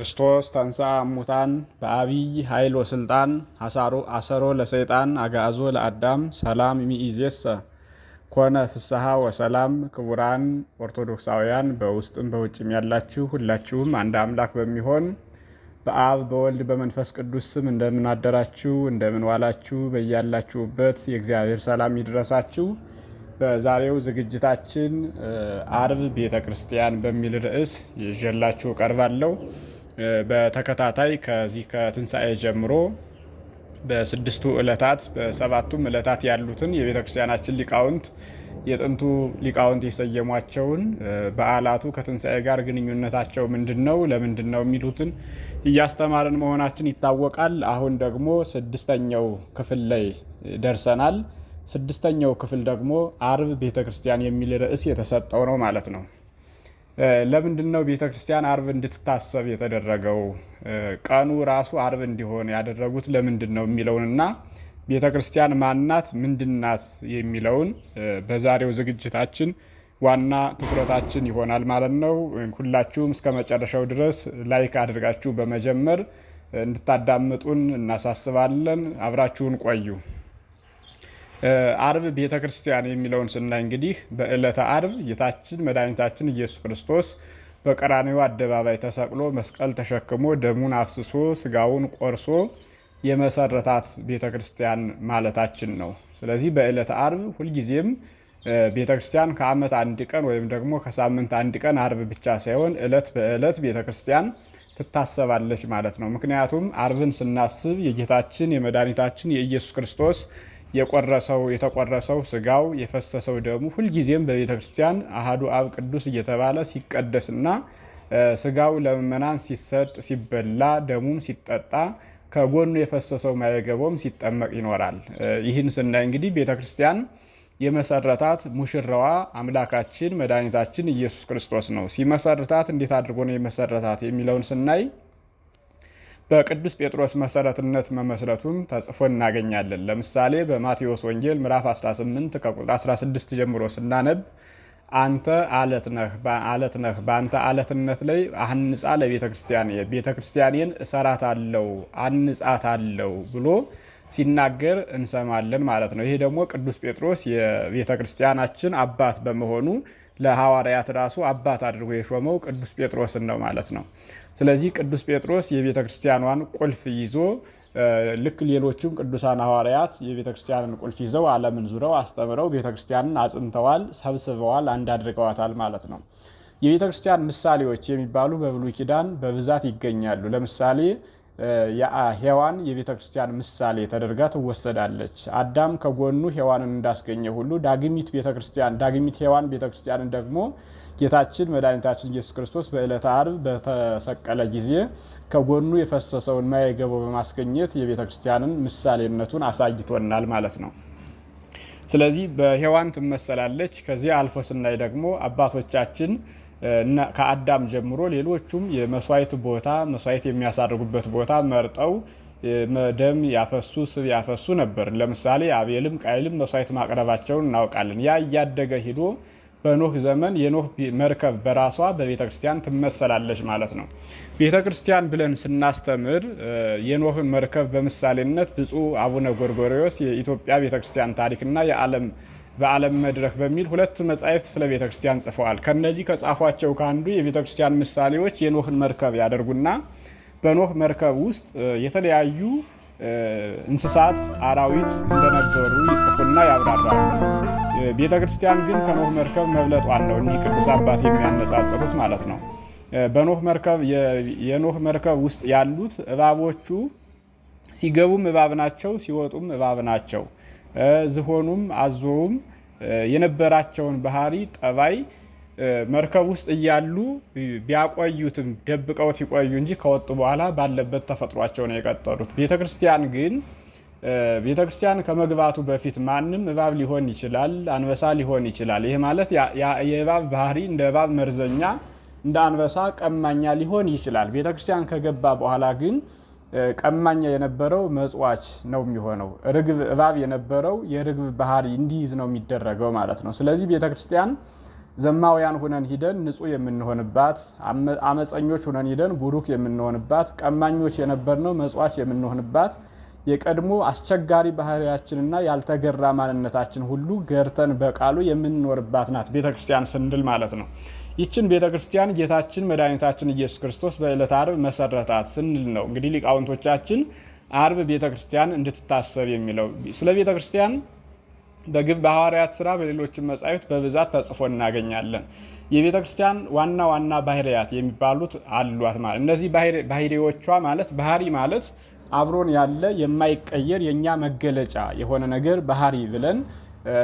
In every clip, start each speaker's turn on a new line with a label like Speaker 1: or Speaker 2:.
Speaker 1: ክርስቶስ ተንሥአ እሙታን በአቢይ ኃይል ወስልጣን አሰሮ ለሰይጣን አጋዞ ለአዳም ሰላም ሚኢዜሰ ኮነ ፍስሐ ወሰላም። ክቡራን ኦርቶዶክሳውያን በውስጥም በውጭም ያላችሁ ሁላችሁም አንድ አምላክ በሚሆን በአብ በወልድ በመንፈስ ቅዱስ ስም እንደምን አደራችሁ፣ እንደምን ዋላችሁ። በያላችሁበት የእግዚአብሔር ሰላም ይድረሳችሁ። በዛሬው ዝግጅታችን አርብ ቤተ ክርስቲያን በሚል ርዕስ ይዤላችሁ ቀርባለሁ። በተከታታይ ከዚህ ከትንሣኤ ጀምሮ በስድስቱ ዕለታት በሰባቱም ዕለታት ያሉትን የቤተክርስቲያናችን ሊቃውንት የጥንቱ ሊቃውንት የሰየሟቸውን በዓላቱ ከትንሣኤ ጋር ግንኙነታቸው ምንድን ነው፣ ለምንድን ነው የሚሉትን እያስተማርን መሆናችን ይታወቃል። አሁን ደግሞ ስድስተኛው ክፍል ላይ ደርሰናል። ስድስተኛው ክፍል ደግሞ አርብ ቤተክርስቲያን የሚል ርዕስ የተሰጠው ነው ማለት ነው። ለምንድን ነው ቤተ ክርስቲያን አርብ እንድትታሰብ የተደረገው? ቀኑ ራሱ አርብ እንዲሆን ያደረጉት ለምንድን ነው የሚለውንና ቤተ ክርስቲያን ማናት ምንድናት የሚለውን በዛሬው ዝግጅታችን ዋና ትኩረታችን ይሆናል ማለት ነው። ሁላችሁም እስከ መጨረሻው ድረስ ላይክ አድርጋችሁ በመጀመር እንድታዳምጡን እናሳስባለን። አብራችሁን ቆዩ። አርብ ቤተ ክርስቲያን የሚለውን ስናይ እንግዲህ በዕለተ አርብ ጌታችን መድኃኒታችን ኢየሱስ ክርስቶስ በቀራንዮ አደባባይ ተሰቅሎ መስቀል ተሸክሞ ደሙን አፍስሶ ስጋውን ቆርሶ የመሰረታት ቤተ ክርስቲያን ማለታችን ነው። ስለዚህ በዕለተ አርብ ሁልጊዜም ቤተ ክርስቲያን ከዓመት አንድ ቀን ወይም ደግሞ ከሳምንት አንድ ቀን አርብ ብቻ ሳይሆን ዕለት በዕለት ቤተ ክርስቲያን ትታሰባለች ማለት ነው። ምክንያቱም አርብን ስናስብ የጌታችን የመድኃኒታችን የኢየሱስ ክርስቶስ የቆረሰው የተቆረሰው ስጋው የፈሰሰው ደሙ ሁልጊዜም በቤተ ክርስቲያን አህዱ አብ ቅዱስ እየተባለ ሲቀደስና ስጋው ለምእመናን ሲሰጥ ሲበላ ደሙም ሲጠጣ ከጎኑ የፈሰሰው ማየገቦም ሲጠመቅ ይኖራል። ይህን ስናይ እንግዲህ ቤተ ክርስቲያን የመሰረታት ሙሽራዋ አምላካችን መድኃኒታችን ኢየሱስ ክርስቶስ ነው። ሲመሰርታት እንዴት አድርጎ ነው የመሰረታት የሚለውን ስናይ በቅዱስ ጴጥሮስ መሰረትነት መመስረቱም ተጽፎ እናገኛለን። ለምሳሌ በማቴዎስ ወንጌል ምዕራፍ 18 ከቁጥር 16 ጀምሮ ስናነብ አንተ አለት ነህ፣ አለት ነህ፣ በአንተ አለትነት ላይ አንጻ ለቤተ ክርስቲያን ቤተ ክርስቲያኔን እሰራት አለው አንጻት አለው ብሎ ሲናገር እንሰማለን ማለት ነው። ይሄ ደግሞ ቅዱስ ጴጥሮስ የቤተ ክርስቲያናችን አባት በመሆኑ ለሐዋርያት ራሱ አባት አድርጎ የሾመው ቅዱስ ጴጥሮስን ነው ማለት ነው። ስለዚህ ቅዱስ ጴጥሮስ የቤተ ክርስቲያኗን ቁልፍ ይዞ ልክ ሌሎቹም ቅዱሳን ሐዋርያት የቤተ ክርስቲያንን ቁልፍ ይዘው ዓለምን ዙረው አስተምረው ቤተ ክርስቲያንን አጽንተዋል፣ ሰብስበዋል፣ አንድ አድርገዋታል ማለት ነው። የቤተ ክርስቲያን ምሳሌዎች የሚባሉ በብሉይ ኪዳን በብዛት ይገኛሉ። ለምሳሌ ሔዋን የቤተ ክርስቲያን ምሳሌ ተደርጋ ትወሰዳለች። አዳም ከጎኑ ሔዋንን እንዳስገኘ ሁሉ ዳግሚት ቤተ ክርስቲያን ዳግሚት ሔዋን ቤተ ክርስቲያንን ደግሞ ጌታችን መድኃኒታችን ኢየሱስ ክርስቶስ በዕለተ አርብ በተሰቀለ ጊዜ ከጎኑ የፈሰሰውን ማየ ገቦ በማስገኘት የቤተ ክርስቲያንን ምሳሌነቱን አሳይቶናል ማለት ነው። ስለዚህ በሔዋን ትመሰላለች። ከዚህ አልፎ ስናይ ደግሞ አባቶቻችን እና ከአዳም ጀምሮ ሌሎቹም የመስዋዕት ቦታ መስዋዕት የሚያሳርጉበት ቦታ መርጠው ደም ያፈሱ ስብ ያፈሱ ነበር። ለምሳሌ አቤልም ቃይልም መስዋዕት ማቅረባቸውን እናውቃለን። ያ እያደገ ሂዶ በኖህ ዘመን የኖህ መርከብ በራሷ በቤተ ክርስቲያን ትመሰላለች ማለት ነው። ቤተ ክርስቲያን ብለን ስናስተምር የኖህን መርከብ በምሳሌነት ብፁዕ አቡነ ጎርጎሪዎስ የኢትዮጵያ ቤተ ክርስቲያን ታሪክና የዓለም በዓለም መድረክ በሚል ሁለት መጻሕፍት ስለ ቤተ ክርስቲያን ጽፈዋል። ከነዚህ ከጻፏቸው ከአንዱ የቤተ ክርስቲያን ምሳሌዎች የኖህን መርከብ ያደርጉና በኖህ መርከብ ውስጥ የተለያዩ እንስሳት፣ አራዊት እንደነበሩ ይጽፉና ያብራራሉ። ቤተ ክርስቲያን ግን ከኖህ መርከብ መብለጧን ነው እኒህ ቅዱስ አባት የሚያነጻጽሩት ማለት ነው። በኖህ መርከብ የኖህ መርከብ ውስጥ ያሉት እባቦቹ ሲገቡም እባብ ናቸው፣ ሲወጡም እባብ ናቸው ዝሆኑም አዞውም የነበራቸውን ባህሪ ጠባይ መርከብ ውስጥ እያሉ ቢያቆዩትም ደብቀውት ይቆዩ እንጂ ከወጡ በኋላ ባለበት ተፈጥሯቸው ነው የቀጠሉት። ቤተክርስቲያን ግን ቤተክርስቲያን ከመግባቱ በፊት ማንም እባብ ሊሆን ይችላል፣ አንበሳ ሊሆን ይችላል። ይህ ማለት የእባብ ባህሪ እንደ እባብ መርዘኛ፣ እንደ አንበሳ ቀማኛ ሊሆን ይችላል። ቤተክርስቲያን ከገባ በኋላ ግን ቀማኛ የነበረው መጽዋች ነው የሚሆነው። ርግብ እባብ የነበረው የርግብ ባህሪ እንዲይዝ ነው የሚደረገው ማለት ነው። ስለዚህ ቤተ ክርስቲያን ዘማውያን ሁነን ሂደን ንጹህ የምንሆንባት፣ አመፀኞች ሁነን ሂደን ቡሩክ የምንሆንባት፣ ቀማኞች የነበርነው መጽዋች የምንሆንባት፣ የቀድሞ አስቸጋሪ ባህሪያችንና ያልተገራ ማንነታችን ሁሉ ገርተን በቃሉ የምንኖርባት ናት ቤተ ክርስቲያን ስንል ማለት ነው። ይችን ቤተ ክርስቲያን ጌታችን መድኃኒታችን ኢየሱስ ክርስቶስ በዕለት አርብ መሰረታት ስንል ነው እንግዲህ ሊቃውንቶቻችን አርብ ቤተ ክርስቲያን እንድትታሰብ የሚለው ስለ ቤተ ክርስቲያን በግብ በሐዋርያት ስራ በሌሎችም መጻሕፍት በብዛት ተጽፎ እናገኛለን። የቤተ ክርስቲያን ዋና ዋና ባህሪያት የሚባሉት አሏት ማለት እነዚህ ባህሪዎቿ ማለት ባህሪ ማለት አብሮን ያለ የማይቀየር የእኛ መገለጫ የሆነ ነገር ባህሪ ብለን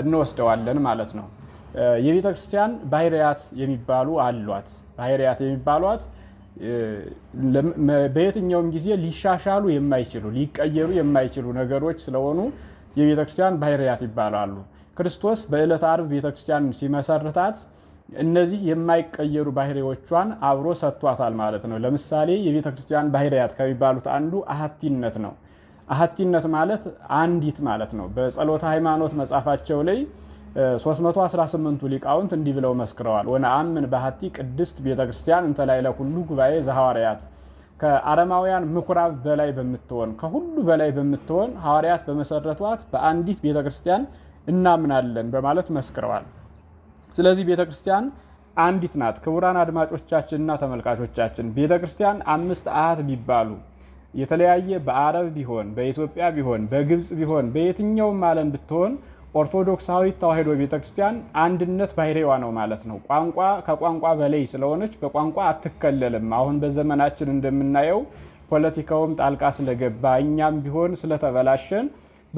Speaker 1: እንወስደዋለን ማለት ነው። የቤተ ክርስቲያን ባህርያት የሚባሉ አሏት። ባህርያት የሚባሏት በየትኛውም ጊዜ ሊሻሻሉ የማይችሉ ሊቀየሩ የማይችሉ ነገሮች ስለሆኑ የቤተ ክርስቲያን ባህርያት ይባላሉ። ክርስቶስ በዕለት አርብ ቤተ ክርስቲያን ሲመሰርታት እነዚህ የማይቀየሩ ባህሪዎቿን አብሮ ሰጥቷታል ማለት ነው። ለምሳሌ የቤተ ክርስቲያን ባህርያት ከሚባሉት አንዱ አሀቲነት ነው። አሀቲነት ማለት አንዲት ማለት ነው። በጸሎተ ሃይማኖት መጽሐፋቸው ላይ 318ቱ ሊቃውንት እንዲህ ብለው መስክረዋል። ወነአምን ባህቲ ቅድስት ቤተ ክርስቲያን እንተ ላዕለ ኩሉ ጉባኤ ዘሐዋርያት ከአረማውያን ምኩራብ በላይ በምትሆን ከሁሉ በላይ በምትሆን ሐዋርያት በመሰረቷት በአንዲት ቤተ ክርስቲያን እናምናለን በማለት መስክረዋል። ስለዚህ ቤተ ክርስቲያን አንዲት ናት። ክቡራን አድማጮቻችንና ተመልካቾቻችን ቤተ ክርስቲያን አምስት አሃት ቢባሉ የተለያየ በአረብ ቢሆን፣ በኢትዮጵያ ቢሆን፣ በግብፅ ቢሆን፣ በየትኛውም ዓለም ብትሆን ኦርቶዶክሳዊ ተዋሕዶ ቤተክርስቲያን አንድነት ባህሪዋ ነው ማለት ነው። ቋንቋ ከቋንቋ በላይ ስለሆነች በቋንቋ አትከለልም። አሁን በዘመናችን እንደምናየው ፖለቲካውም ጣልቃ ስለገባ እኛም ቢሆን ስለተበላሸን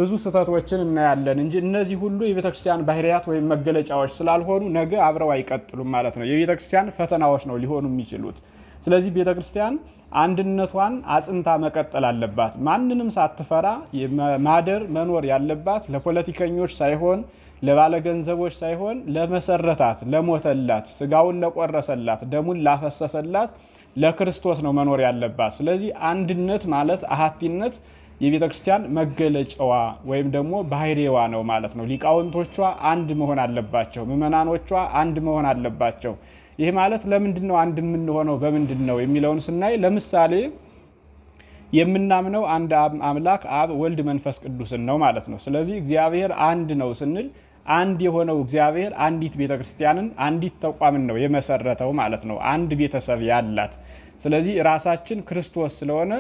Speaker 1: ብዙ ስህተቶችን እናያለን እንጂ እነዚህ ሁሉ የቤተክርስቲያን ባህሪያት ወይም መገለጫዎች ስላልሆኑ ነገ አብረው አይቀጥሉም ማለት ነው። የቤተክርስቲያን ፈተናዎች ነው ሊሆኑ የሚችሉት። ስለዚህ ቤተ ክርስቲያን አንድነቷን አጽንታ መቀጠል አለባት። ማንንም ሳትፈራ ማደር መኖር ያለባት ለፖለቲከኞች ሳይሆን ለባለገንዘቦች ሳይሆን ለመሰረታት፣ ለሞተላት፣ ስጋውን ለቆረሰላት፣ ደሙን ላፈሰሰላት ለክርስቶስ ነው መኖር ያለባት። ስለዚህ አንድነት ማለት አሀቲነት የቤተ ክርስቲያን መገለጫዋ ወይም ደግሞ ባህሪዋ ነው ማለት ነው። ሊቃውንቶቿ አንድ መሆን አለባቸው። ምእመናኖቿ አንድ መሆን አለባቸው። ይህ ማለት ለምንድን ነው አንድ የምንሆነው በምንድን ነው የሚለውን ስናይ ለምሳሌ የምናምነው አንድ አምላክ አብ፣ ወልድ፣ መንፈስ ቅዱስን ነው ማለት ነው። ስለዚህ እግዚአብሔር አንድ ነው ስንል አንድ የሆነው እግዚአብሔር አንዲት ቤተ ክርስቲያንን አንዲት ተቋምን ነው የመሰረተው ማለት ነው። አንድ ቤተሰብ ያላት ስለዚህ ራሳችን ክርስቶስ ስለሆነ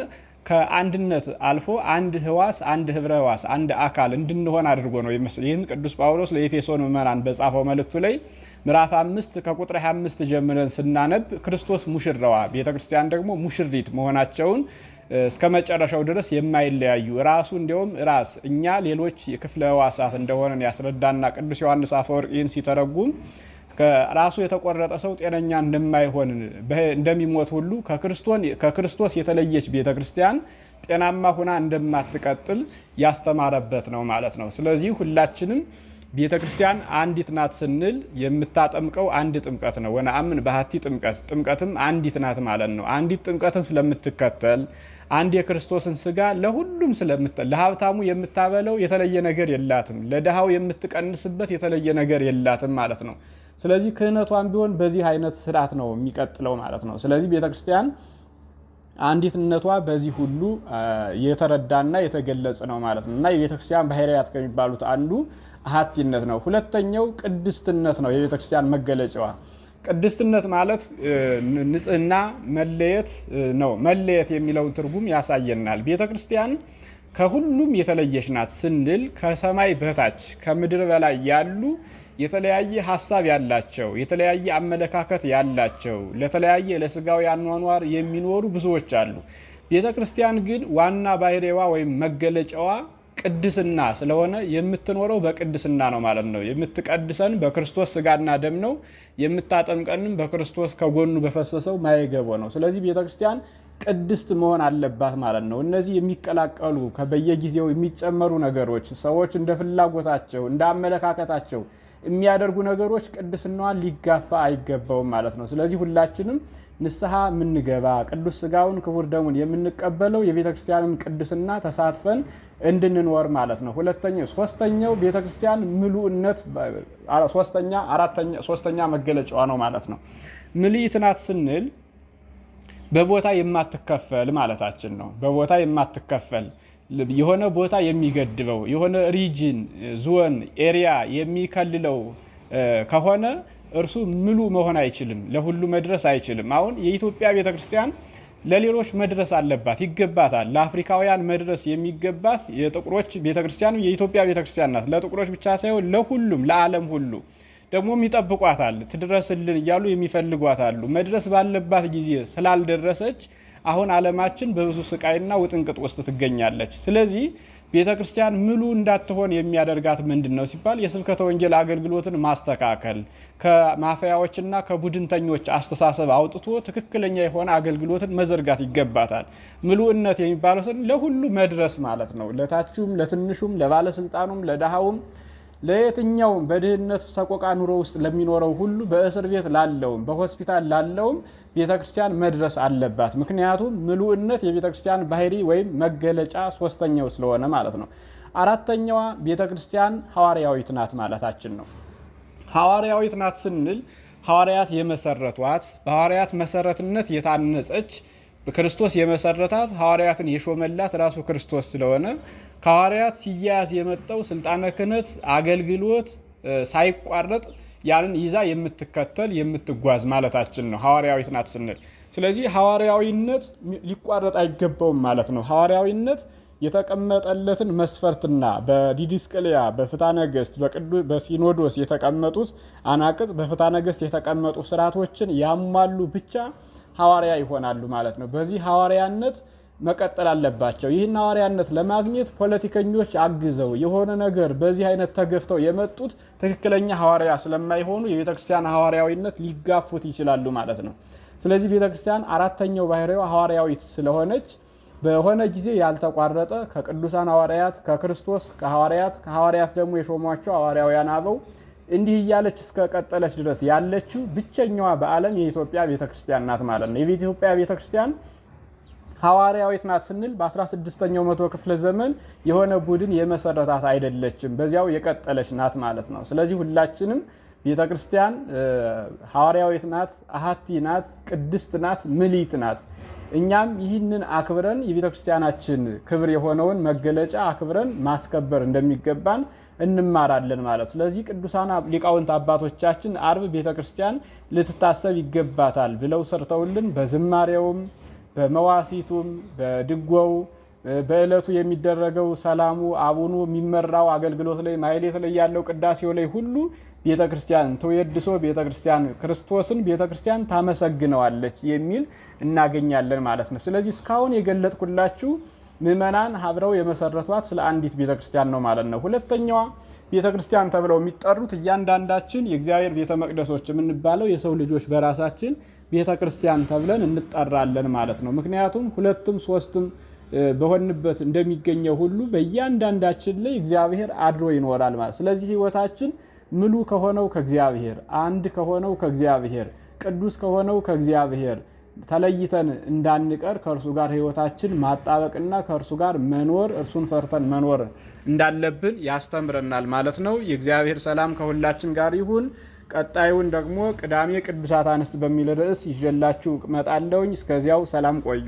Speaker 1: ከአንድነት አልፎ አንድ ህዋስ አንድ ህብረ ህዋስ አንድ አካል እንድንሆን አድርጎ ነው ይመስል። ይህም ቅዱስ ጳውሎስ ለኤፌሶን ምዕመናን በጻፈው መልእክቱ ላይ ምዕራፍ አምስት ከቁጥር 25 ጀምረን ስናነብ ክርስቶስ ሙሽራዋ፣ ቤተክርስቲያን ደግሞ ሙሽሪት መሆናቸውን እስከ መጨረሻው ድረስ የማይለያዩ ራሱ እንዲሁም ራስ እኛ ሌሎች የክፍለ ህዋሳት እንደሆነን ያስረዳና ቅዱስ ዮሐንስ አፈወርቅ ይህን ሲተረጉም ከራሱ የተቆረጠ ሰው ጤነኛ እንደማይሆን እንደሚሞት ሁሉ ከክርስቶስ የተለየች ቤተ ክርስቲያን ጤናማ ሁና እንደማትቀጥል ያስተማረበት ነው ማለት ነው። ስለዚህ ሁላችንም ቤተ ክርስቲያን አንዲት ናት ስንል የምታጠምቀው አንድ ጥምቀት ነው። ወነአምን ባህቲ ጥምቀት፣ ጥምቀትም አንዲት ናት ማለት ነው። አንዲት ጥምቀትን ስለምትከተል አንድ የክርስቶስን ስጋ ለሁሉም ስለምት ለሀብታሙ የምታበለው የተለየ ነገር የላትም፣ ለድሃው የምትቀንስበት የተለየ ነገር የላትም ማለት ነው። ስለዚህ ክህነቷን ቢሆን በዚህ አይነት ስርዓት ነው የሚቀጥለው ማለት ነው። ስለዚህ ቤተክርስቲያን አንዲትነቷ በዚህ ሁሉ የተረዳና የተገለጸ ነው ማለት ነው እና የቤተክርስቲያን ባህርያት ከሚባሉት አንዱ አሀቲነት ነው። ሁለተኛው ቅድስትነት ነው የቤተክርስቲያን መገለጫዋ። ቅድስትነት ማለት ንጽህና፣ መለየት ነው። መለየት የሚለውን ትርጉም ያሳየናል። ቤተክርስቲያን ከሁሉም የተለየች ናት ስንል ከሰማይ በታች ከምድር በላይ ያሉ የተለያየ ሀሳብ ያላቸው የተለያየ አመለካከት ያላቸው ለተለያየ ለስጋዊ አኗኗር የሚኖሩ ብዙዎች አሉ። ቤተ ክርስቲያን ግን ዋና ባህሪዋ ወይም መገለጫዋ ቅድስና ስለሆነ የምትኖረው በቅድስና ነው ማለት ነው። የምትቀድሰን በክርስቶስ ስጋና ደም ነው። የምታጠምቀንም በክርስቶስ ከጎኑ በፈሰሰው ማየገቦ ነው። ስለዚህ ቤተ ክርስቲያን ቅድስት መሆን አለባት ማለት ነው። እነዚህ የሚቀላቀሉ ከበየጊዜው የሚጨመሩ ነገሮች ሰዎች እንደ ፍላጎታቸው እንደ አመለካከታቸው የሚያደርጉ ነገሮች ቅድስናዋን ሊጋፋ አይገባውም ማለት ነው። ስለዚህ ሁላችንም ንስሐ የምንገባ ቅዱስ ስጋውን ክቡር ደሙን የምንቀበለው የቤተክርስቲያንን ቅዱስና ቅድስና ተሳትፈን እንድንኖር ማለት ነው። ሁለተኛ ሶስተኛው ቤተክርስቲያን ምሉእነት ሶስተኛ አራተኛ ሶስተኛ መገለጫዋ ነው ማለት ነው። ምልዕት ናት ስንል በቦታ የማትከፈል ማለታችን ነው። በቦታ የማትከፈል የሆነ ቦታ የሚገድበው የሆነ ሪጅን፣ ዞን፣ ኤሪያ የሚከልለው ከሆነ እርሱ ምሉ መሆን አይችልም፣ ለሁሉ መድረስ አይችልም። አሁን የኢትዮጵያ ቤተክርስቲያን ለሌሎች መድረስ አለባት፣ ይገባታል። ለአፍሪካውያን መድረስ የሚገባት የጥቁሮች ቤተክርስቲያን የኢትዮጵያ ቤተክርስቲያን ናት። ለጥቁሮች ብቻ ሳይሆን ለሁሉም፣ ለዓለም ሁሉ ደግሞም ይጠብቋታል፣ ትድረስልን እያሉ የሚፈልጓታሉ። መድረስ ባለባት ጊዜ ስላልደረሰች አሁን ዓለማችን በብዙ ስቃይና ውጥንቅጥ ውስጥ ትገኛለች። ስለዚህ ቤተ ክርስቲያን ምሉ እንዳትሆን የሚያደርጋት ምንድን ነው ሲባል የስብከተ ወንጌል አገልግሎትን ማስተካከል ከማፈያዎችና ከቡድንተኞች አስተሳሰብ አውጥቶ ትክክለኛ የሆነ አገልግሎትን መዘርጋት ይገባታል። ምሉእነት የሚባለው ለሁሉ መድረስ ማለት ነው። ለታችሁም፣ ለትንሹም፣ ለባለስልጣኑም፣ ለድሃውም ለየትኛውም በድህነት ሰቆቃ ኑሮ ውስጥ ለሚኖረው ሁሉ በእስር ቤት ላለውም በሆስፒታል ላለውም ቤተ ክርስቲያን መድረስ አለባት። ምክንያቱም ምሉእነት የቤተ ክርስቲያን ባህሪ ወይም መገለጫ ሶስተኛው ስለሆነ ማለት ነው። አራተኛዋ ቤተ ክርስቲያን ሐዋርያዊት ናት ማለታችን ነው። ሐዋርያዊት ናት ስንል ሐዋርያት የመሰረቷት በሐዋርያት መሰረትነት የታነጸች በክርስቶስ የመሰረታት ሐዋርያትን የሾመላት ራሱ ክርስቶስ ስለሆነ ከሐዋርያት ሲያያዝ የመጣው ስልጣነ ክህነት አገልግሎት ሳይቋረጥ ያንን ይዛ የምትከተል የምትጓዝ ማለታችን ነው ሐዋርያዊት ናት ስንል። ስለዚህ ሐዋርያዊነት ሊቋረጥ አይገባውም ማለት ነው። ሐዋርያዊነት የተቀመጠለትን መስፈርትና በዲዲስቅልያ በፍታ ነገስት በሲኖዶስ የተቀመጡት አናቅጽ በፍታ ነገስት የተቀመጡ ስርዓቶችን ያሟሉ ብቻ ሐዋርያ ይሆናሉ ማለት ነው። በዚህ ሐዋርያነት መቀጠል አለባቸው። ይህን ሐዋርያነት ለማግኘት ፖለቲከኞች አግዘው የሆነ ነገር በዚህ አይነት ተገፍተው የመጡት ትክክለኛ ሐዋርያ ስለማይሆኑ የቤተክርስቲያን ሐዋርያዊነት ሊጋፉት ይችላሉ ማለት ነው። ስለዚህ ቤተክርስቲያን አራተኛው ባህሪዋ ሐዋርያዊት ስለሆነች በሆነ ጊዜ ያልተቋረጠ ከቅዱሳን ሐዋርያት ከክርስቶስ ከሐዋርያት ከሐዋርያት ደግሞ የሾሟቸው ሐዋርያውያን አበው እንዲህ እያለች እስከ ቀጠለች ድረስ ያለችው ብቸኛዋ በዓለም የኢትዮጵያ ቤተክርስቲያን ናት ማለት ነው። የኢትዮጵያ ቤተክርስቲያን ሐዋርያዊት ናት ስንል በ16ኛው መቶ ክፍለ ዘመን የሆነ ቡድን የመሰረታት አይደለችም። በዚያው የቀጠለች ናት ማለት ነው። ስለዚህ ሁላችንም ቤተ ክርስቲያን ሐዋርያዊት ናት፣ አሃቲ ናት፣ ቅድስት ናት፣ ምሊት ናት። እኛም ይህንን አክብረን የቤተ ክርስቲያናችን ክብር የሆነውን መገለጫ አክብረን ማስከበር እንደሚገባን እንማራለን ማለት። ስለዚህ ቅዱሳን ሊቃውንት አባቶቻችን አርብ ቤተ ክርስቲያን ልትታሰብ ይገባታል ብለው ሰርተውልን በዝማሬውም በመዋሲቱም በድጎው በእለቱ የሚደረገው ሰላሙ፣ አቡኑ፣ የሚመራው አገልግሎት ላይ ማህሌት ላይ ያለው ቅዳሴው ላይ ሁሉ ቤተ ክርስቲያን ተወድሶ ቤተ ክርስቲያን ክርስቶስን ቤተ ክርስቲያን ታመሰግነዋለች የሚል እናገኛለን ማለት ነው። ስለዚህ እስካሁን የገለጥኩላችሁ ምእመናን ሀብረው የመሰረቷት ስለ አንዲት ቤተ ክርስቲያን ነው ማለት ነው። ሁለተኛዋ ቤተ ክርስቲያን ተብለው የሚጠሩት እያንዳንዳችን የእግዚአብሔር ቤተ መቅደሶች የምንባለው የሰው ልጆች በራሳችን ቤተ ክርስቲያን ተብለን እንጠራለን ማለት ነው። ምክንያቱም ሁለትም ሶስትም በሆንበት እንደሚገኘው ሁሉ በእያንዳንዳችን ላይ እግዚአብሔር አድሮ ይኖራል ማለት። ስለዚህ ህይወታችን ምሉ ከሆነው ከእግዚአብሔር አንድ ከሆነው ከእግዚአብሔር ቅዱስ ከሆነው ከእግዚአብሔር ተለይተን እንዳንቀር ከእርሱ ጋር ህይወታችን ማጣበቅና ከእርሱ ጋር መኖር እርሱን ፈርተን መኖር እንዳለብን ያስተምረናል ማለት ነው። የእግዚአብሔር ሰላም ከሁላችን ጋር ይሁን። ቀጣዩን ደግሞ ቅዳሜ ቅዱሳት አንስት በሚል ርዕስ ይዤላችሁ እመጣለሁኝ። እስከዚያው ሰላም ቆዩ።